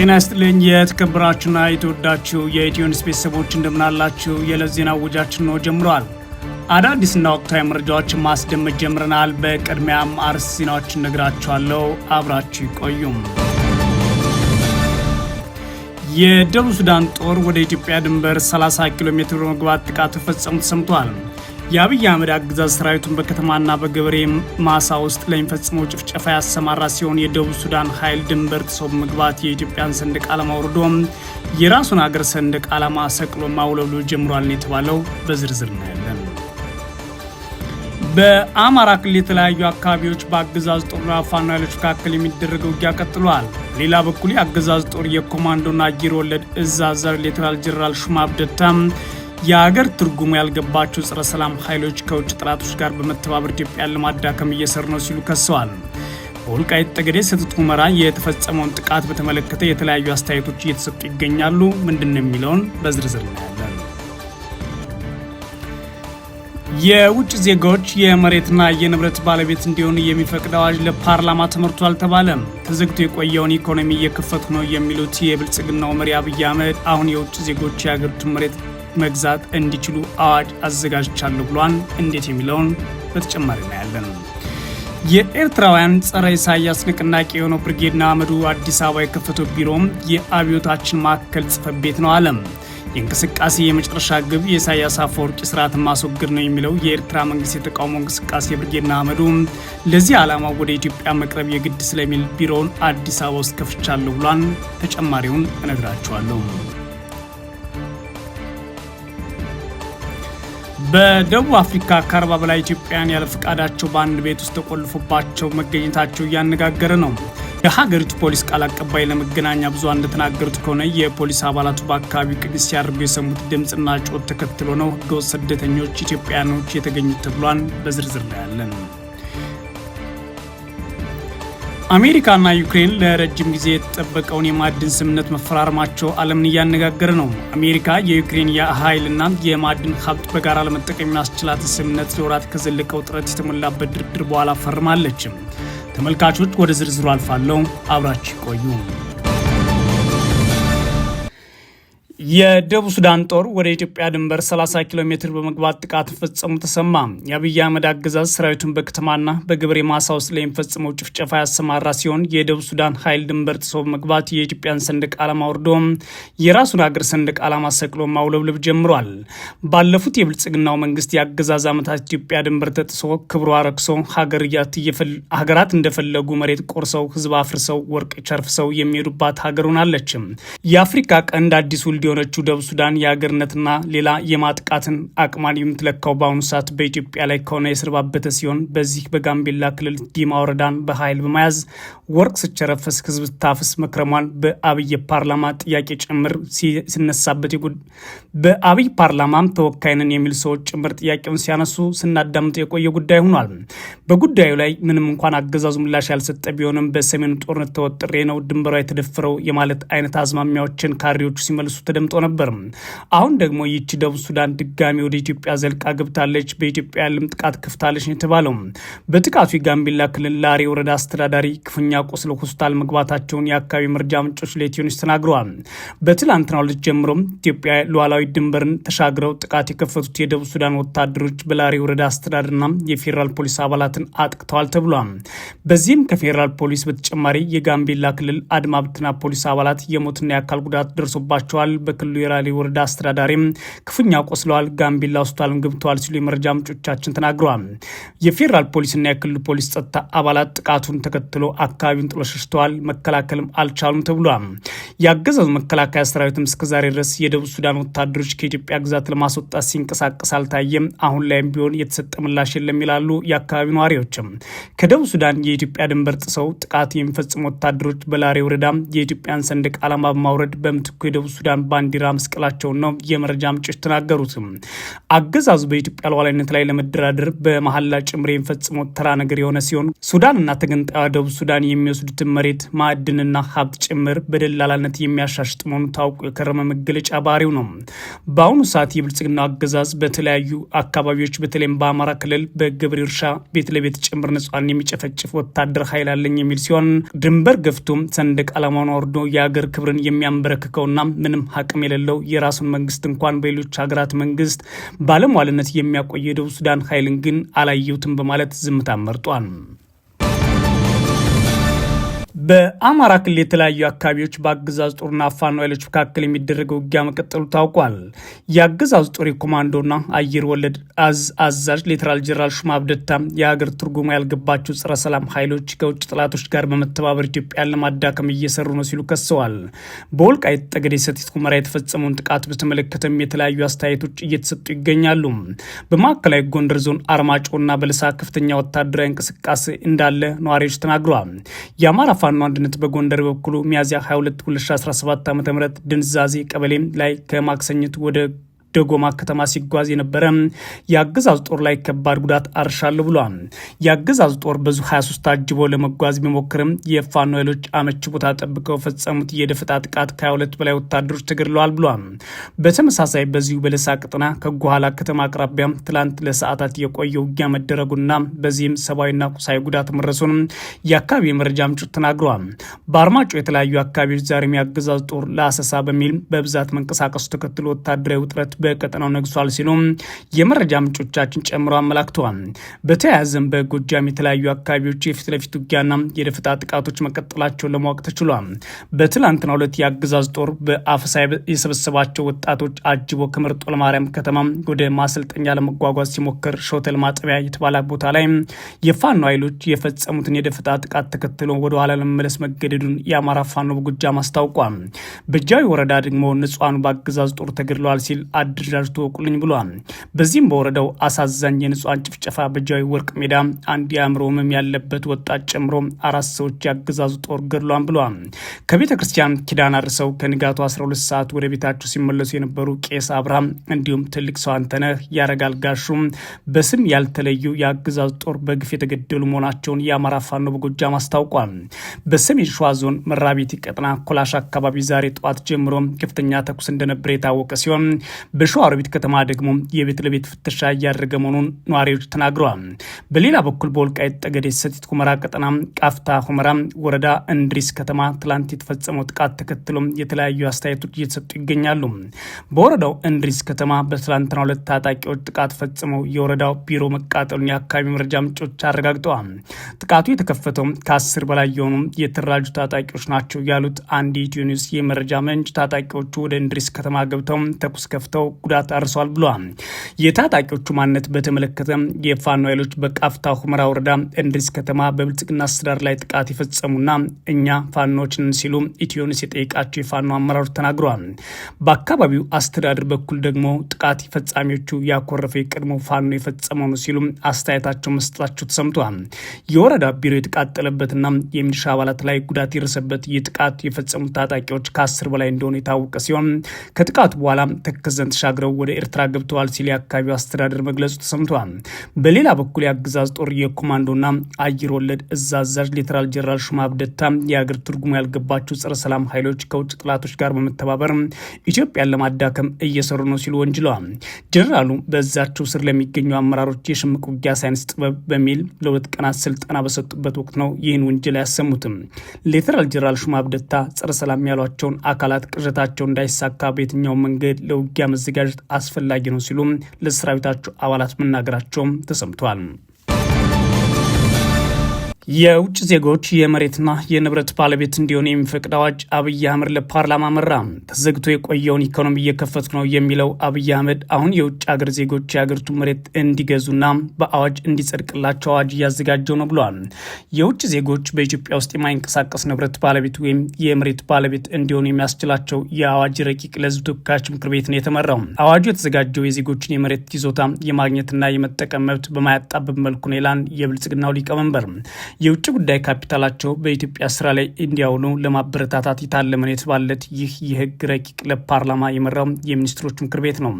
ጤና ይስጥልኝ የተከበራችሁና የተወዳችሁ የኢትዮኒውስ ቤተሰቦች እንደምናላችሁ። የዕለት ዜና ውጃችን ነው ጀምሯል። አዳዲስና ወቅታዊ መረጃዎችን ማስደመጥ ጀምረናል። በቅድሚያም አርስ ዜናዎችን ነግራችኋለሁ። አብራችሁ ይቆዩም። የደቡብ ሱዳን ጦር ወደ ኢትዮጵያ ድንበር 30 ኪሎ ሜትር በመግባት ጥቃት ተፈጸሙ ተሰምቷል። የአብይ አህመድ አገዛዝ ሰራዊቱን በከተማና በገበሬ ማሳ ውስጥ ለሚፈጽመው ጭፍጨፋ ያሰማራ ሲሆን የደቡብ ሱዳን ኃይል ድንበር ጥሶ በመግባት የኢትዮጵያን ሰንደቅ ዓላማ ወርዶም የራሱን አገር ሰንደቅ ዓላማ ሰቅሎ ማውለሉ ጀምሯል የተባለው በዝርዝር እናያለን። በአማራ ክልል የተለያዩ አካባቢዎች በአገዛዝ ጦርና ፋኖ ኃይሎች መካከል የሚደረገው ውጊያ ቀጥሏል። ሌላ በኩል የአገዛዝ ጦር የኮማንዶና አየር ወለድ እዝ አዛዥ ሌተናል ጄኔራል ሹማ የሀገር ትርጉሙ ያልገባቸው ጸረ ሰላም ኃይሎች ከውጭ ጥላቶች ጋር በመተባበር ኢትዮጵያን ለማዳከም እየሰሩ ነው ሲሉ ከሰዋል። በወልቃይት ጠገዴ ሰቲት ሁመራ የተፈጸመውን ጥቃት በተመለከተ የተለያዩ አስተያየቶች እየተሰጡ ይገኛሉ። ምንድን ነው የሚለውን በዝርዝር እናያለን። የውጭ ዜጋዎች የመሬትና የንብረት ባለቤት እንዲሆኑ የሚፈቅድ አዋጅ ለፓርላማ ተመርቶ አልተባለም። ተዘግቶ የቆየውን ኢኮኖሚ እየከፈቱ ነው የሚሉት የብልጽግናው መሪ አብይ አህመድ አሁን የውጭ ዜጎች የሀገሪቱን መሬት መግዛት እንዲችሉ አዋጅ አዘጋጅቻለሁ ብሏል። እንዴት የሚለውን በተጨማሪ እናያለን። የኤርትራውያን ጸረ ኢሳያስ ንቅናቄ የሆነው ብርጌድና አመዱ አዲስ አበባ የከፈተው ቢሮም የአብዮታችን ማዕከል ጽፈት ቤት ነው አለም። የእንቅስቃሴ የመጨረሻ ግብ የኢሳያስ አፈወርቂ ስርዓትን ማስወገድ ነው የሚለው የኤርትራ መንግስት የተቃውሞ እንቅስቃሴ ብርጌድና አመዱ ለዚህ ዓላማ ወደ ኢትዮጵያ መቅረብ የግድ ስለሚል ቢሮውን አዲስ አበባ ውስጥ ከፍቻለሁ ብሏን ተጨማሪውን እነግራችኋለሁ። በደቡብ አፍሪካ ከአርባ በላይ ኢትዮጵያውያን ያለ ፈቃዳቸው በአንድ ቤት ውስጥ ተቆልፎባቸው መገኘታቸው እያነጋገረ ነው። የሀገሪቱ ፖሊስ ቃል አቀባይ ለመገናኛ ብዙሃን እንደተናገሩት ከሆነ የፖሊስ አባላቱ በአካባቢው ቅኝት ሲያደርጉ የሰሙት ድምፅና ጮት ተከትሎ ነው ህገወጥ ስደተኞች ኢትዮጵያኖች የተገኙት ተብሏን በዝርዝር ላይ ያለን አሜሪካና ዩክሬን ለረጅም ጊዜ የተጠበቀውን የማዕድን ስምምነት መፈራረማቸው ዓለምን እያነጋገረ ነው። አሜሪካ የዩክሬን የኃይልና የማዕድን ሀብት በጋራ ለመጠቀም የሚያስችላት ስምምነት ለወራት ከዘለቀው ጥረት የተሞላበት ድርድር በኋላ ፈርማለችም። ተመልካቾች ወደ ዝርዝሩ አልፋለሁ፣ አብራችሁ ቆዩ። የደቡብ ሱዳን ጦር ወደ ኢትዮጵያ ድንበር 30 ኪሎ ሜትር በመግባት ጥቃት ፈጸሙ ተሰማ። የአብይ አህመድ አገዛዝ ሰራዊቱን በከተማና በገበሬ ማሳ ውስጥ ለሚፈጽመው ጭፍጨፋ ያሰማራ ሲሆን የደቡብ ሱዳን ኃይል ድንበር ጥሶ በመግባት የኢትዮጵያን ሰንደቅ ዓላማ ወርዶ የራሱን አገር ሰንደቅ ዓላማ ሰቅሎ ማውለብለብ ጀምሯል። ባለፉት የብልጽግናው መንግስት የአገዛዝ ዓመታት ኢትዮጵያ ድንበር ተጥሶ ክብሯ ረክሶ ሀገራት እንደፈለጉ መሬት ቆርሰው ህዝብ አፍርሰው ወርቅ ቸርፍሰው የሚሄዱባት ሀገር ሆናለች። የአፍሪካ ቀንድ አዲሱ ሊሆን የነበረችው ደቡብ ሱዳን የአገርነትና ሌላ የማጥቃትን አቅማን የምትለካው በአሁኑ ሰዓት በኢትዮጵያ ላይ ከሆነ የስር ባበተ ሲሆን በዚህ በጋምቤላ ክልል ዲማ ወረዳን በኃይል በመያዝ ወርቅ ስቸረፈስ ህዝብ ታፍስ መክረሟን በአብይ ፓርላማ ጥያቄ ጭምር ሲነሳበት በአብይ ፓርላማም ተወካይንን የሚል ሰዎች ጭምር ጥያቄውን ሲያነሱ ስናዳምጥ የቆየ ጉዳይ ሆኗል። በጉዳዩ ላይ ምንም እንኳን አገዛዙ ምላሽ ያልሰጠ ቢሆንም በሰሜኑ ጦርነት ተወጥሬ ነው ድንበሯ የተደፈረው የማለት አይነት አዝማሚያዎችን ካድሬዎቹ ሲመልሱ ተደምጠ ተቀምጦ ነበር። አሁን ደግሞ ይቺ ደቡብ ሱዳን ድጋሚ ወደ ኢትዮጵያ ዘልቃ ገብታለች፣ በኢትዮጵያ ያለም ጥቃት ከፍታለች ነው የተባለው። በጥቃቱ የጋምቤላ ክልል ላሬ ወረዳ አስተዳዳሪ ክፉኛ ቆስሎ ሆስፒታል መግባታቸውን የአካባቢ መረጃ ምንጮች ለኢትዮኒስ ተናግረዋል። በትላንትናው ዕለት ጀምሮም ኢትዮጵያ ሉዓላዊ ድንበርን ተሻግረው ጥቃት የከፈቱት የደቡብ ሱዳን ወታደሮች በላሬ ወረዳ አስተዳደርና የፌዴራል ፖሊስ አባላትን አጥቅተዋል ተብሏል። በዚህም ከፌዴራል ፖሊስ በተጨማሪ የጋምቤላ ክልል አድማ ፖሊስ አባላት የሞትና የአካል ጉዳት ደርሶባቸዋል። በክልሉ የራሌ ወረዳ አስተዳዳሪም ክፉኛ ቆስለዋል፣ ጋምቢላ ሆስፒታልም ገብተዋል ሲሉ የመረጃ ምንጮቻችን ተናግረዋል። የፌዴራል ፖሊስና የክልሉ ፖሊስ ጸጥታ አባላት ጥቃቱን ተከትሎ አካባቢውን ጥሎ ሸሽተዋል፣ መከላከልም አልቻሉም ተብሏል። የአገዛዙ መከላከያ ሰራዊትም እስከዛሬ ድረስ የደቡብ ሱዳን ወታደሮች ከኢትዮጵያ ግዛት ለማስወጣት ሲንቀሳቀስ አልታየም፣ አሁን ላይም ቢሆን የተሰጠ ምላሽ የለም ይላሉ የአካባቢው ነዋሪዎችም። ከደቡብ ሱዳን የኢትዮጵያ ድንበር ጥሰው ጥቃት የሚፈጽሙ ወታደሮች በላሬ ወረዳ የኢትዮጵያን ሰንደቅ ዓላማ በማውረድ በምትኩ የደቡብ ሱዳን ባንዲራ መስቀላቸውን ነው የመረጃ ምንጮች ተናገሩት። አገዛዙ በኢትዮጵያ ሉዓላዊነት ላይ ለመደራደር በመሐላ ጭምር የሚፈጽመው ተራ ነገር የሆነ ሲሆን ሱዳንና ተገንጣዩ ደቡብ ሱዳን የሚወስዱትን መሬት ማዕድንና ሀብት ጭምር በደላላነት የሚያሻሽጥ መሆኑ ታውቆ የከረመ መገለጫ ባህሪው ነው። በአሁኑ ሰዓት የብልጽግና አገዛዝ በተለያዩ አካባቢዎች በተለይም በአማራ ክልል በገብር እርሻ ቤት ለቤት ጭምር ንጹሐን የሚጨፈጭፍ ወታደር ኃይል አለኝ የሚል ሲሆን ድንበር ገፍቶም ሰንደቅ ዓላማውን አውርዶ የአገር ክብርን የሚያንበረክከውና ምንም ሀቅ አቅም የሌለው የራሱን መንግስት እንኳን በሌሎች ሀገራት መንግስት ባለሟልነት የሚያቆየው የደቡብ ሱዳን ኃይልን ግን አላየሁትም በማለት ዝምታ መርጧል። በአማራ ክልል የተለያዩ አካባቢዎች በአገዛዝ ጦርና ፋኖ ኃይሎች መካከል የሚደረገው ውጊያ መቀጠሉ ታውቋል። የአገዛዝ ጦር የኮማንዶና አየር ወለድ አዝ አዛዥ ሌተናል ጄኔራል ሹማ ብደታ የሀገር ትርጉሙ ያልገባቸው ጸረ ሰላም ኃይሎች ከውጭ ጠላቶች ጋር በመተባበር ኢትዮጵያን ለማዳከም እየሰሩ ነው ሲሉ ከሰዋል። በወልቃይት ጠገዴ፣ ሰቲት ሁመራ የተፈጸመውን ጥቃት በተመለከተም የተለያዩ አስተያየቶች እየተሰጡ ይገኛሉ። በማዕከላዊ ጎንደር ዞን አርማጮና በለሳ ከፍተኛ ወታደራዊ እንቅስቃሴ እንዳለ ነዋሪዎች ተናግረዋል። የአማራ ፋኖ ፋኖ አንድነት በጎንደር በኩሉ ሚያዝያ 22 2017 ዓ ም ድንዛዜ ቀበሌም ላይ ከማክሰኝት ወደ ደጎማ ከተማ ሲጓዝ የነበረ የአገዛዝ ጦር ላይ ከባድ ጉዳት አርሻለሁ ብሏል። የአገዛዝ ጦር በዙ 23 አጅቦ ለመጓዝ ቢሞክርም የፋኖ ኃይሎች አመች ቦታ ጠብቀው ፈጸሙት የደፈጣ ጥቃት ከ22 በላይ ወታደሮች ተገድለዋል ብሏል። በተመሳሳይ በዚሁ በለሳ ቅጥና ከጓኋላ ከተማ አቅራቢያ ትላንት ለሰዓታት የቆየ ውጊያ መደረጉና በዚህም ሰብአዊና ቁሳዊ ጉዳት መረሱን የአካባቢ መረጃ ምንጮች ተናግረዋል። በአርማጮ የተለያዩ አካባቢዎች ዛሬም የአገዛዝ ጦር ለአሰሳ በሚል በብዛት መንቀሳቀሱ ተከትሎ ወታደራዊ ውጥረት በቀጠናው ነግሷል ሲሉ የመረጃ ምንጮቻችን ጨምሮ አመላክተዋል። በተያያዘም በጎጃም የተለያዩ አካባቢዎች የፊት ለፊት ውጊያና የደፈጣ ጥቃቶች መቀጠላቸውን ለማወቅ ተችሏል። በትላንትና ሁለት የአገዛዝ ጦር በአፈሳ የሰበሰባቸው ወጣቶች አጅቦ ከመርጦ ለማርያም ከተማ ወደ ማሰልጠኛ ለመጓጓዝ ሲሞክር ሾተል ማጠቢያ የተባለ ቦታ ላይ የፋኖ ኃይሎች የፈጸሙትን የደፈጣ ጥቃት ተከትሎ ወደኋላ ለመመለስ መገደዱን የአማራ ፋኖ በጎጃም አስታውቋል። በጃዊ ወረዳ ደግሞ ንጹሐኑ በአገዛዝ ጦር ተገድለዋል ሲል አደራጅቶ ወቁልኝ ብሏል። በዚህም በወረዳው አሳዛኝ የንጹሐን ጭፍጨፋ በጃዊ ወርቅ ሜዳ አንድ የአእምሮ ህመም ያለበት ወጣት ጨምሮ አራት ሰዎች ያገዛዙ ጦር ገድሏን ብሏል። ከቤተ ክርስቲያን ኪዳን አድርሰው ከንጋቱ 12 ሰዓት ወደ ቤታቸው ሲመለሱ የነበሩ ቄስ አብርሃም እንዲሁም ትልቅ ሰው አንተነህ ያረጋል ጋሹም በስም ያልተለዩ የአገዛዙ ጦር በግፍ የተገደሉ መሆናቸውን የአማራ ፋኖ በጎጃም አስታውቋል። በሰሜን ሸዋ ዞን መራቤቴ ቀጠና ኮላሽ አካባቢ ዛሬ ጠዋት ጀምሮ ከፍተኛ ተኩስ እንደነበረ የታወቀ ሲሆን በሸዋሮቢት ከተማ ደግሞ የቤት ለቤት ፍተሻ እያደረገ መሆኑን ነዋሪዎች ተናግረዋል። በሌላ በኩል በወልቃይት ጠገዴ ሰቲት ሁመራ ቀጠና ቃፍታ ሁመራ ወረዳ እንድሪስ ከተማ ትላንት የተፈጸመው ጥቃት ተከትሎ የተለያዩ አስተያየቶች እየተሰጡ ይገኛሉ። በወረዳው እንድሪስ ከተማ በትላንትና ሁለት ታጣቂዎች ጥቃት ፈጽመው የወረዳው ቢሮ መቃጠሉን የአካባቢ መረጃ ምንጮች አረጋግጠዋል። ጥቃቱ የተከፈተው ከአስር በላይ የሆኑ የተደራጁ ታጣቂዎች ናቸው ያሉት አንድ ኢትዮ ኒውስ የመረጃ ምንጭ ታጣቂዎቹ ወደ እንድሪስ ከተማ ገብተው ተኩስ ከፍተው ጉዳት አርሷል ብለዋል። የታጣቂዎቹ ማንነት በተመለከተ የፋኖ ኃይሎች በቃፍታ ሁመራ ወረዳ እንድሪስ ከተማ በብልጽግና አስተዳደር ላይ ጥቃት የፈጸሙና እኛ ፋኖችን ሲሉ ኢትዮንስ የጠየቃቸው የፋኖ አመራሮች ተናግረዋል። በአካባቢው አስተዳደር በኩል ደግሞ ጥቃት ፈጻሚዎቹ ያኮረፈ የቀድሞ ፋኖ የፈጸመው ነው ሲሉ አስተያየታቸው መስጠታቸው ተሰምተዋል። የወረዳ ቢሮ የተቃጠለበትና የሚሊሻ አባላት ላይ ጉዳት የደረሰበት ይህ ጥቃት የፈጸሙት ታጣቂዎች ከአስር በላይ እንደሆኑ የታወቀ ሲሆን ከጥቃቱ በኋላ ተከዘን ተሻግረው ወደ ኤርትራ ገብተዋል ሲል የአካባቢው አስተዳደር መግለጹ ተሰምቷል። በሌላ በኩል የአገዛዝ ጦር የኮማንዶና አየር ወለድ እዛዛዥ አዛዥ ሌተናል ጄኔራል ሹማ ብደታ የአገር ትርጉሙ ያልገባቸው ጸረ ሰላም ኃይሎች ከውጭ ጥላቶች ጋር በመተባበር ኢትዮጵያን ለማዳከም እየሰሩ ነው ሲሉ ወንጅለዋል። ጄኔራሉ በዛቸው ስር ለሚገኙ አመራሮች የሽምቅ ውጊያ ሳይንስ ጥበብ በሚል ለሁለት ቀናት ስልጠና በሰጡበት ወቅት ነው ይህን ውንጀላ ያሰሙትም። ሌተናል ጄኔራል ሹማ ብደታ ጸረ ሰላም ያሏቸውን አካላት ቅዠታቸው እንዳይሳካ በየትኛው መንገድ ለውጊያ መዘ መዘጋጀት አስፈላጊ ነው ሲሉም ለሰራዊታቸው አባላት መናገራቸውም ተሰምቷል። የውጭ ዜጎች የመሬትና የንብረት ባለቤት እንዲሆን የሚፈቅድ አዋጅ አብይ አህመድ ለፓርላማ መራ። ተዘግቶ የቆየውን ኢኮኖሚ እየከፈትኩ ነው የሚለው አብይ አህመድ አሁን የውጭ ሀገር ዜጎች የሀገሪቱ መሬት እንዲገዙና በአዋጅ እንዲጸድቅላቸው አዋጅ እያዘጋጀው ነው ብሏል። የውጭ ዜጎች በኢትዮጵያ ውስጥ የማይንቀሳቀስ ንብረት ባለቤት ወይም የመሬት ባለቤት እንዲሆኑ የሚያስችላቸው የአዋጅ ረቂቅ ለህዝብ ተወካዮች ምክር ቤት ነው የተመራው። አዋጁ የተዘጋጀው የዜጎችን የመሬት ይዞታ የማግኘትና የመጠቀም መብት በማያጣብብ መልኩ ነው ይላል የብልጽግናው ሊቀመንበር የውጭ ጉዳይ ካፒታላቸው በኢትዮጵያ ስራ ላይ እንዲያውሉ ለማበረታታት የታለመን የተባለት ይህ የህግ ረቂቅ ለፓርላማ የመራው የሚኒስትሮች ምክር ቤት ነው።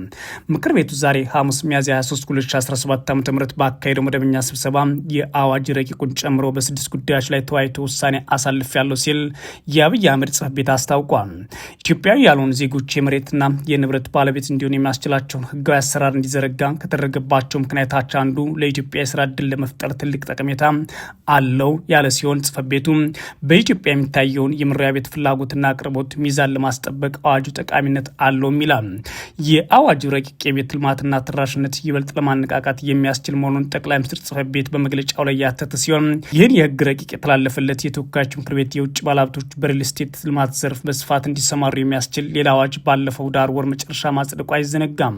ምክር ቤቱ ዛሬ ሐሙስ ሚያዝያ 23 2017 ዓ ም በአካሄደው መደበኛ ስብሰባ የአዋጅ ረቂቁን ጨምሮ በስድስት ጉዳዮች ላይ ተወያይቶ ውሳኔ አሳልፍ ያለው ሲል የአብይ አህመድ ጽህፈት ቤት አስታውቋል። ኢትዮጵያዊ ያልሆኑ ዜጎች የመሬትና የንብረት ባለቤት እንዲሆን የሚያስችላቸውን ህጋዊ አሰራር እንዲዘረጋ ከተደረገባቸው ምክንያታቸው አንዱ ለኢትዮጵያ የስራ እድል ለመፍጠር ትልቅ ጠቀሜታ አለው ያለ ሲሆን ጽፈት ቤቱ በኢትዮጵያ የሚታየውን የመኖሪያ ቤት ፍላጎትና አቅርቦት ሚዛን ለማስጠበቅ አዋጁ ጠቃሚነት አለውም ይላል። የአዋጁ ረቂቅ የቤት ልማትና ተደራሽነት ይበልጥ ለማነቃቃት የሚያስችል መሆኑን ጠቅላይ ሚኒስትር ጽፈት ቤት በመግለጫው ላይ ያተተ ሲሆን ይህን የህግ ረቂቅ የተላለፈለት የተወካዮች ምክር ቤት የውጭ ባለሀብቶች በሪል ስቴት ልማት ዘርፍ በስፋት እንዲሰማሩ የሚያስችል ሌላ አዋጅ ባለፈው ዳር ወር መጨረሻ ማጽደቁ አይዘነጋም።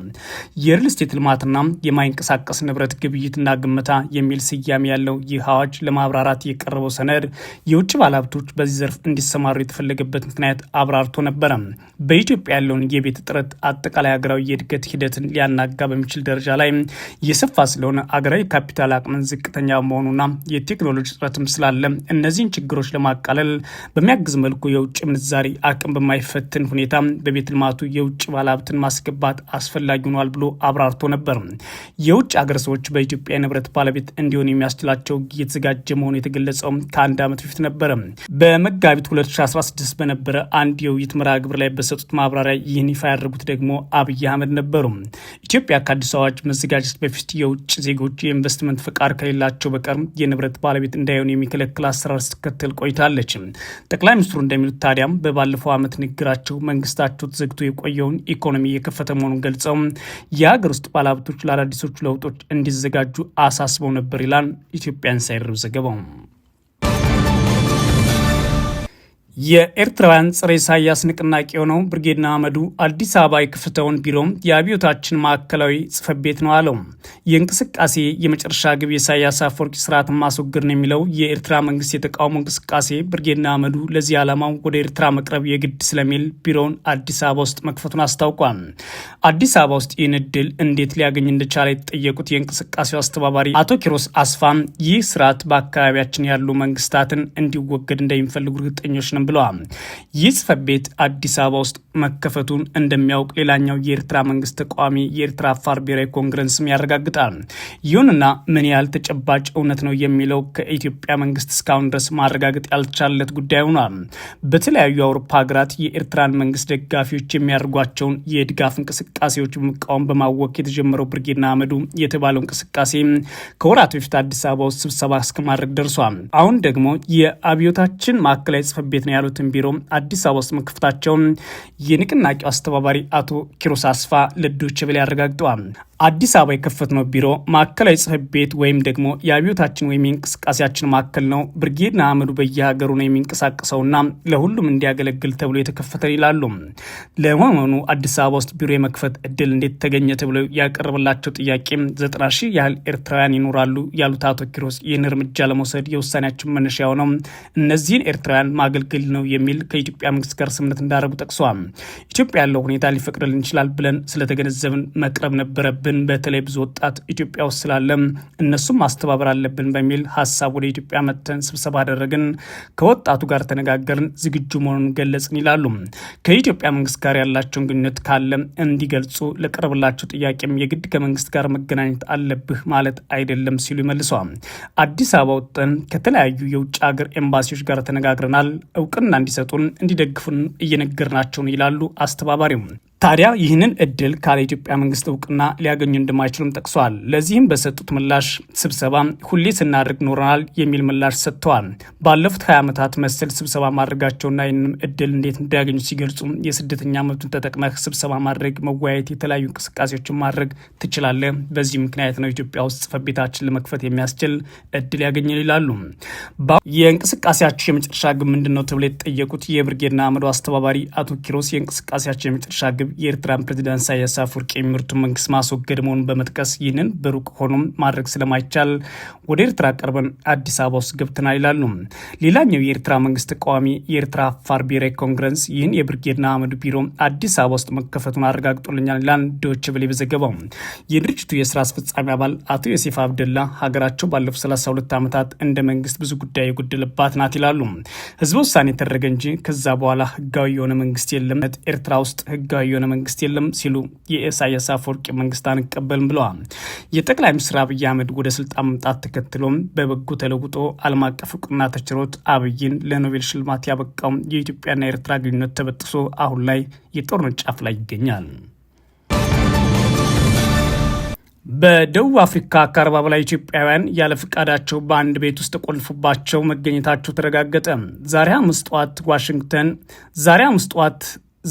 የሪል ስቴት ልማትና የማይንቀሳቀስ ንብረት ግብይትና ግመታ የሚል ስያሜ ያለው ይህ አዋጅ ለማ ለማብራራት የቀረበው ሰነድ የውጭ ባለሀብቶች በዚህ ዘርፍ እንዲሰማሩ የተፈለገበት ምክንያት አብራርቶ ነበረ። በኢትዮጵያ ያለውን የቤት እጥረት አጠቃላይ ሀገራዊ የእድገት ሂደትን ሊያናጋ በሚችል ደረጃ ላይ የሰፋ ስለሆነ አገራዊ ካፒታል አቅምን ዝቅተኛ መሆኑና የቴክኖሎጂ እጥረትም ስላለ እነዚህን ችግሮች ለማቃለል በሚያግዝ መልኩ የውጭ ምንዛሪ አቅም በማይፈትን ሁኔታ በቤት ልማቱ የውጭ ባለሀብትን ማስገባት አስፈላጊ ሆኗል ብሎ አብራርቶ ነበር። የውጭ አገር ሰዎች በኢትዮጵያ የንብረት ባለቤት እንዲሆን የሚያስችላቸው እየተዘጋጀ መሆኑ የተገለጸው ከአንድ ዓመት በፊት ነበረ። በመጋቢት 2016 በነበረ አንድ የውይይት መርሃ ግብር ላይ በሰጡት ማብራሪያ ይህን ይፋ ያደረጉት ደግሞ አብይ አህመድ ነበሩ። ኢትዮጵያ ከአዲስ አዋጅ መዘጋጀት በፊት የውጭ ዜጎች የኢንቨስትመንት ፈቃድ ከሌላቸው በቀር የንብረት ባለቤት እንዳይሆኑ የሚከለክል አሰራር ስትከተል ቆይታለች። ጠቅላይ ሚኒስትሩ እንደሚሉት ታዲያም በባለፈው ዓመት ንግግራቸው መንግስታቸው ተዘግቶ የቆየውን ኢኮኖሚ የከፈተ መሆኑን ገልጸው የሀገር ውስጥ ባለሀብቶች ለአዳዲሶቹ ለውጦች እንዲዘጋጁ አሳስበው ነበር ይላል ኢትዮጵያን ሳይደርብ ዘገባው። Boom. የኤርትራውያን ጸረ ኢሳያስ ንቅናቄ የሆነው ብርጌድ ንሓመዱ አዲስ አበባ የከፈተውን ቢሮም የአብዮታችን ማዕከላዊ ጽፈት ቤት ነው አለው። የእንቅስቃሴ የመጨረሻ ግብ የኢሳያስ አፈወርቂ ስርዓትን ማስወገድ ነው የሚለው የኤርትራ መንግስት የተቃውሞ እንቅስቃሴ ብርጌድ ንሓመዱ ለዚህ ዓላማው ወደ ኤርትራ መቅረብ የግድ ስለሚል ቢሮውን አዲስ አበባ ውስጥ መክፈቱን አስታውቋል። አዲስ አበባ ውስጥ ይህን እድል እንዴት ሊያገኝ እንደቻለ የተጠየቁት የእንቅስቃሴው አስተባባሪ አቶ ኪሮስ አስፋም ይህ ስርዓት በአካባቢያችን ያሉ መንግስታትን እንዲወገድ እንደሚፈልጉ እርግጠኞች ነበር ብለዋል። ይህ ጽህፈት ቤት አዲስ አበባ ውስጥ መከፈቱን እንደሚያውቅ ሌላኛው የኤርትራ መንግስት ተቃዋሚ የኤርትራ አፋር ብሔራዊ ኮንግረስም ያረጋግጣል። ይሁንና ምን ያህል ተጨባጭ እውነት ነው የሚለው ከኢትዮጵያ መንግስት እስካሁን ድረስ ማረጋገጥ ያልቻለት ጉዳይ ሆኗል። በተለያዩ የአውሮፓ ሀገራት የኤርትራን መንግስት ደጋፊዎች የሚያደርጓቸውን የድጋፍ እንቅስቃሴዎች በመቃወም በማወክ የተጀመረው ብርጌና አመዱ የተባለው እንቅስቃሴ ከወራት በፊት አዲስ አበባ ውስጥ ስብሰባ እስከማድረግ ደርሷል። አሁን ደግሞ የአብዮታችን ማዕከላዊ ጽህፈት ቤት ነው ያሉትን ቢሮ አዲስ አበባ ውስጥ መክፈታቸውን የንቅናቄው አስተባባሪ አቶ ኪሮስ አስፋ ለዶይቼ ቬለ ያረጋግጠዋል። አዲስ አበባ የከፈትነው ቢሮ ማዕከላዊ ጽህፈት ቤት ወይም ደግሞ የአብዮታችን ወይም የእንቅስቃሴያችን ማዕከል ነው። ብርጌድና አመዱ በየሀገሩ ነው የሚንቀሳቀሰውና ለሁሉም እንዲያገለግል ተብሎ የተከፈተ ይላሉ። ለመሆኑ አዲስ አበባ ውስጥ ቢሮ የመክፈት እድል እንዴት ተገኘ ተብሎ ያቀረበላቸው ጥያቄ ዘጠና ሺህ ያህል ኤርትራውያን ይኖራሉ ያሉት አቶ ኪሮስ ይህን እርምጃ ለመውሰድ የውሳኔያችን መነሻ የሆነው እነዚህን ኤርትራውያን ማገልገል ነው የሚል ከኢትዮጵያ መንግስት ጋር ስምምነት እንዳደረጉ ጠቅሰዋል። ኢትዮጵያ ያለው ሁኔታ ሊፈቅድልን ይችላል ብለን ስለተገነዘብን መቅረብ ነበረብን አለብን፣ በተለይ ብዙ ወጣት ኢትዮጵያ ውስጥ ስላለም እነሱም ማስተባበር አለብን በሚል ሀሳብ ወደ ኢትዮጵያ መተን ስብሰባ አደረግን፣ ከወጣቱ ጋር ተነጋገርን፣ ዝግጁ መሆኑን ገለጽን ይላሉ። ከኢትዮጵያ መንግስት ጋር ያላቸውን ግንኙነት ካለ እንዲገልጹ ለቀረብላቸው ጥያቄም የግድ ከመንግስት ጋር መገናኘት አለብህ ማለት አይደለም ሲሉ ይመልሰዋል። አዲስ አበባ ወጥተን ከተለያዩ የውጭ ሀገር ኤምባሲዎች ጋር ተነጋግረናል። እውቅና እንዲሰጡን እንዲደግፉን እየነገርናቸውን ይላሉ አስተባባሪው። ታዲያ ይህንን እድል ካለ ኢትዮጵያ መንግስት እውቅና ሊያገኙ እንደማይችሉም ጠቅሷል። ለዚህም በሰጡት ምላሽ ስብሰባ ሁሌ ስናደርግ ኖረናል የሚል ምላሽ ሰጥተዋል። ባለፉት ሀያ ዓመታት መሰል ስብሰባ ማድረጋቸውና ይህንም እድል እንዴት እንዲያገኙ ሲገልጹ የስደተኛ መብቱን ተጠቅመህ ስብሰባ ማድረግ፣ መወያየት፣ የተለያዩ እንቅስቃሴዎችን ማድረግ ትችላለህ። በዚህ ምክንያት ነው ኢትዮጵያ ውስጥ ጽሕፈት ቤታችን ለመክፈት የሚያስችል እድል ያገኘል ይላሉ። የእንቅስቃሴያቸው የመጨረሻ ግብ ምንድን ነው ተብሎ የተጠየቁት የብርጌድና አመዶ አስተባባሪ አቶ ኪሮስ የእንቅስቃሴያቸው የመጨረሻ ግብ የኤርትራን ፕሬዚዳንት ኢሳያስ አፈወርቂ የሚመሩትን መንግስት ማስወገድ መሆኑን በመጥቀስ ይህንን በሩቅ ሆኖም ማድረግ ስለማይቻል ወደ ኤርትራ ቀርበን አዲስ አበባ ውስጥ ገብተናል ይላሉ። ሌላኛው የኤርትራ መንግስት ተቃዋሚ የኤርትራ አፋር ብሔራዊ ኮንግረስ ይህን የብርጌድና አህመድ ቢሮ አዲስ አበባ ውስጥ መከፈቱን አረጋግጦልኛል ይላል ዶች ብል በዘገባው። የድርጅቱ የስራ አስፈጻሚ አባል አቶ ዮሴፍ አብደላ ሀገራቸው ባለፉት 32 ዓመታት እንደ መንግስት ብዙ ጉዳይ የጎደለባት ናት ይላሉ። ህዝበ ውሳኔ የተደረገ እንጂ ከዛ በኋላ ህጋዊ የሆነ መንግስት የለም። ኤርትራ ውስጥ ህጋዊ የሆነ መንግስት የለም ሲሉ የኢሳያስ አፈወርቂ መንግስት አንቀበልም ብለዋል። የጠቅላይ ሚኒስትር አብይ አህመድ ወደ ስልጣን መምጣት ተከትሎም በበጎ ተለውጦ ዓለም አቀፍ እውቅና ተችሮት አብይን ለኖቤል ሽልማት ያበቃው የኢትዮጵያና የኤርትራ ግንኙነት ተበጥሶ አሁን ላይ የጦርነት ጫፍ ላይ ይገኛል። በደቡብ አፍሪካ ከአርባ በላይ ኢትዮጵያውያን ያለ ፍቃዳቸው በአንድ ቤት ውስጥ ተቆልፎባቸው መገኘታቸው ተረጋገጠ። ዛሬ ሐሙስ ጠዋት ዋሽንግተን ዛሬ ሐሙስ ጠዋት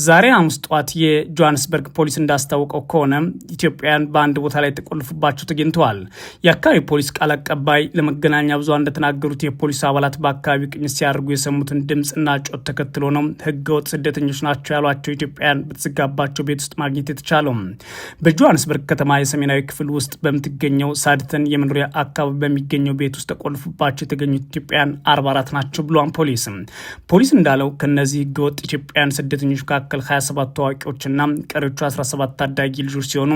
ዛሬ ሐሙስ ጠዋት የጆሃንስበርግ ፖሊስ እንዳስታወቀው ከሆነ ኢትዮጵያውያን በአንድ ቦታ ላይ ተቆልፉባቸው ተገኝተዋል። የአካባቢ ፖሊስ ቃል አቀባይ ለመገናኛ ብዙሃን እንደተናገሩት የፖሊስ አባላት በአካባቢው ቅኝት ሲያደርጉ የሰሙትን ድምፅና ጮት ተከትሎ ነው ህገወጥ ስደተኞች ናቸው ያሏቸው ኢትዮጵያውያን በተዘጋባቸው ቤት ውስጥ ማግኘት የተቻለው። በጆሃንስበርግ ከተማ የሰሜናዊ ክፍል ውስጥ በምትገኘው ሳድተን የመኖሪያ አካባቢ በሚገኘው ቤት ውስጥ ተቆልፉባቸው የተገኙት ኢትዮጵያውያን አርባ አራት ናቸው ብሏን ፖሊስ ፖሊስ እንዳለው ከነዚህ ህገወጥ ኢትዮጵያውያን ስደተኞች መካከል 27 ታዋቂዎችና ቀሪዎቹ 17 ታዳጊ ልጆች ሲሆኑ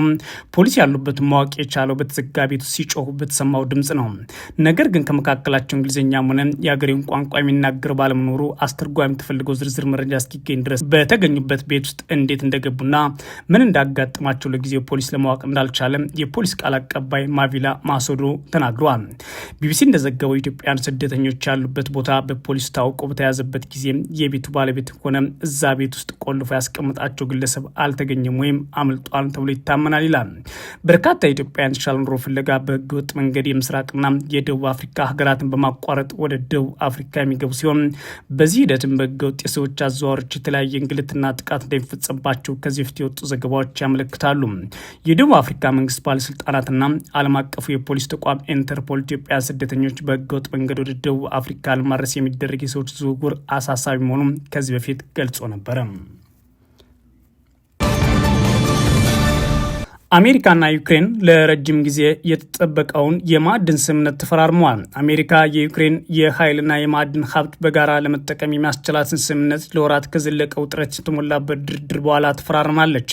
ፖሊስ ያሉበት ማወቅ የቻለው በተዘጋ ቤቱ ሲጮሁ በተሰማው ድምፅ ነው። ነገር ግን ከመካከላቸው እንግሊዝኛም ሆነ የአገሬውን ቋንቋ የሚናገር ባለመኖሩ አስተርጓሚ የተፈልገው ዝርዝር መረጃ እስኪገኝ ድረስ በተገኙበት ቤት ውስጥ እንዴት እንደገቡና ምን እንዳጋጥማቸው ለጊዜው ፖሊስ ለማወቅ እንዳልቻለ የፖሊስ ቃል አቀባይ ማቪላ ማሶዶ ተናግረዋል። ቢቢሲ እንደዘገበው ኢትዮጵያን ስደተኞች ያሉበት ቦታ በፖሊስ ታውቆ በተያዘበት ጊዜ የቤቱ ባለቤት ሆነ እዛ ቤት ውስጥ ቆልፎ ያስቀምጣቸው ግለሰብ አልተገኘም ወይም አምልጧል ተብሎ ይታመናል ይላል። በርካታ ኢትዮጵያውያን የተሻለ ኑሮ ፍለጋ በህገወጥ መንገድ የምስራቅና የደቡብ አፍሪካ ሀገራትን በማቋረጥ ወደ ደቡብ አፍሪካ የሚገቡ ሲሆን በዚህ ሂደትም በህገወጥ የሰዎች አዘዋዋሪዎች የተለያየ እንግልትና ጥቃት እንደሚፈጸምባቸው ከዚህ በፊት የወጡ ዘገባዎች ያመለክታሉ። የደቡብ አፍሪካ መንግስት ባለስልጣናትና ዓለም አቀፉ የፖሊስ ተቋም ኢንተርፖል ኢትዮጵያ ስደተኞች በህገወጥ መንገድ ወደ ደቡብ አፍሪካ ለማድረስ የሚደረግ የሰዎች ዝውውር አሳሳቢ መሆኑን ከዚህ በፊት ገልጾ ነበረ። አሜሪካና ዩክሬን ለረጅም ጊዜ የተጠበቀውን የማዕድን ስምምነት ተፈራርመዋል። አሜሪካ የዩክሬን የኃይልና የማዕድን ሀብት በጋራ ለመጠቀም የሚያስችላትን ስምምነት ለወራት ከዘለቀ ውጥረት የተሞላበት ድርድር በኋላ ተፈራርማለች።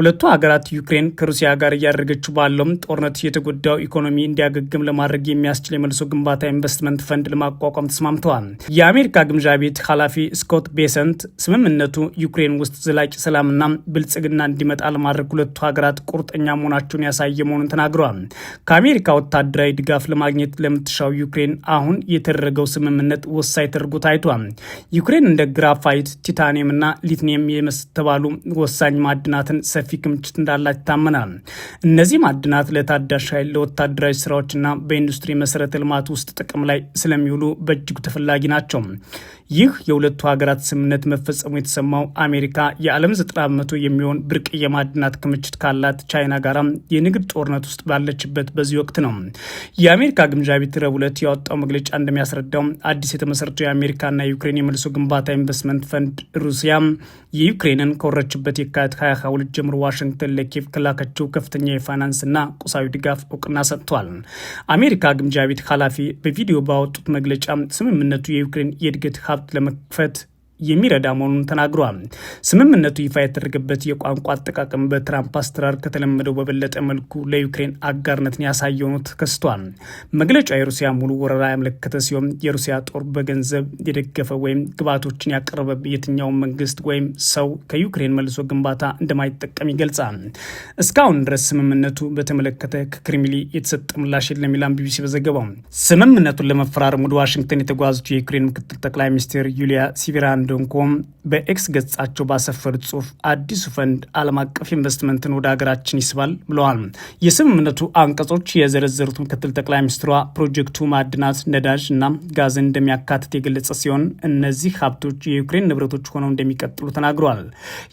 ሁለቱ ሀገራት ዩክሬን ከሩሲያ ጋር እያደረገችው ባለውም ጦርነት የተጎዳው ኢኮኖሚ እንዲያገግም ለማድረግ የሚያስችል የመልሶ ግንባታ ኢንቨስትመንት ፈንድ ለማቋቋም ተስማምተዋል። የአሜሪካ ግምዣ ቤት ኃላፊ ስኮት ቤሰንት ስምምነቱ ዩክሬን ውስጥ ዘላቂ ሰላምና ብልጽግና እንዲመጣ ለማድረግ ሁለቱ ሀገራት ቁርጠኛ መሆናቸውን ያሳየ መሆኑን ተናግረዋል። ከአሜሪካ ወታደራዊ ድጋፍ ለማግኘት ለምትሻው ዩክሬን አሁን የተደረገው ስምምነት ወሳኝ ተደርጎ ታይቷል። ዩክሬን እንደ ግራፋይት፣ ቲታኒየም እና ሊትኒየም የተባሉ ወሳኝ ማዕድናትን ሰፊ ክምችት እንዳላት ይታመናል። እነዚህ ማዕድናት ለታዳሽ ኃይል፣ ለወታደራዊ ስራዎችና በኢንዱስትሪ መሰረተ ልማት ውስጥ ጥቅም ላይ ስለሚውሉ በእጅጉ ተፈላጊ ናቸው። ይህ የሁለቱ ሀገራት ስምምነት መፈጸሙ የተሰማው አሜሪካ የዓለም ዘጠና በመቶ የሚሆን ብርቅዬ የማድናት ክምችት ካላት ቻይና ጋራ የንግድ ጦርነት ውስጥ ባለችበት በዚህ ወቅት ነው። የአሜሪካ ግምጃ ቤት ረቡዕ ዕለት ያወጣው መግለጫ እንደሚያስረዳው አዲስ የተመሰረተው የአሜሪካና የዩክሬን የመልሶ ግንባታ ኢንቨስትመንት ፈንድ ሩሲያ የዩክሬንን ከወረችበት የካቲት 222 ጀምሮ ዋሽንግተን ለኪየቭ ከላከችው ከፍተኛ የፋይናንስና ቁሳዊ ድጋፍ እውቅና ሰጥቷል። አሜሪካ ግምጃ ቤት ኃላፊ በቪዲዮ ባወጡት መግለጫ ስምምነቱ የዩክሬን የእድገት ሀብት ለመክፈት የሚረዳ መሆኑን ተናግሯል። ስምምነቱ ይፋ የተደረገበት የቋንቋ አጠቃቀም በትራምፕ አስተራር ከተለመደው በበለጠ መልኩ ለዩክሬን አጋርነትን ያሳየው ነው ተከስቷል። መግለጫው የሩሲያ ሙሉ ወረራ ያመለከተ ሲሆን የሩሲያ ጦር በገንዘብ የደገፈ ወይም ግብዓቶችን ያቀረበ የትኛውን መንግስት ወይም ሰው ከዩክሬን መልሶ ግንባታ እንደማይጠቀም ይገልጻል። እስካሁን ድረስ ስምምነቱ በተመለከተ ከክሪምሊ የተሰጠ ምላሽ የለም ይላል ቢቢሲ በዘገባው። ስምምነቱን ለመፈራረም ወደ ዋሽንግተን የተጓዙት የዩክሬን ምክትል ጠቅላይ ሚኒስትር ዩሊያ ሲቪራ? እንዲሁም በኤክስ ገጻቸው ባሰፈሩት ጽሁፍ አዲሱ ፈንድ ዓለም አቀፍ ኢንቨስትመንትን ወደ ሀገራችን ይስባል ብለዋል። የስምምነቱ አንቀጾች የዘረዘሩት ምክትል ጠቅላይ ሚኒስትሯ ፕሮጀክቱ ማዕድናት፣ ነዳጅ እና ጋዝን እንደሚያካትት የገለጸ ሲሆን እነዚህ ሀብቶች የዩክሬን ንብረቶች ሆነው እንደሚቀጥሉ ተናግረዋል።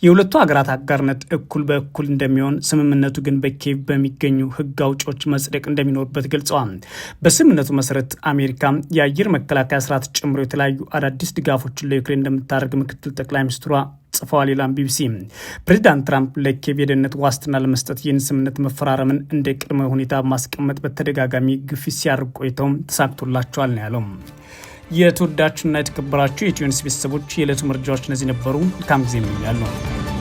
የሁለቱ ሀገራት አጋርነት እኩል በእኩል እንደሚሆን ስምምነቱ ግን በኬቭ በሚገኙ ህግ አውጪዎች መጽደቅ እንደሚኖርበት ገልጸዋል። በስምምነቱ መሰረት አሜሪካ የአየር መከላከያ ስርዓት ጨምሮ የተለያዩ አዳዲስ ድጋፎችን ለዩክሬን እንደምት እንደምታደርግ ምክትል ጠቅላይ ሚኒስትሯ ጽፈዋል ይላም ቢቢሲ። ፕሬዚዳንት ትራምፕ ለኬቭ የደህንነት ዋስትና ለመስጠት ይህን ስምምነት መፈራረምን እንደ ቅድመ ሁኔታ ማስቀመጥ በተደጋጋሚ ግፊት ሲያደርግ ቆይተውም ተሳክቶላቸዋል ነው ያለው። የተወዳችሁና የተከበራችሁ የኢትዮኒውስ ቤተሰቦች የዕለቱ መረጃዎች እነዚህ ነበሩ። መልካም ጊዜ ነው።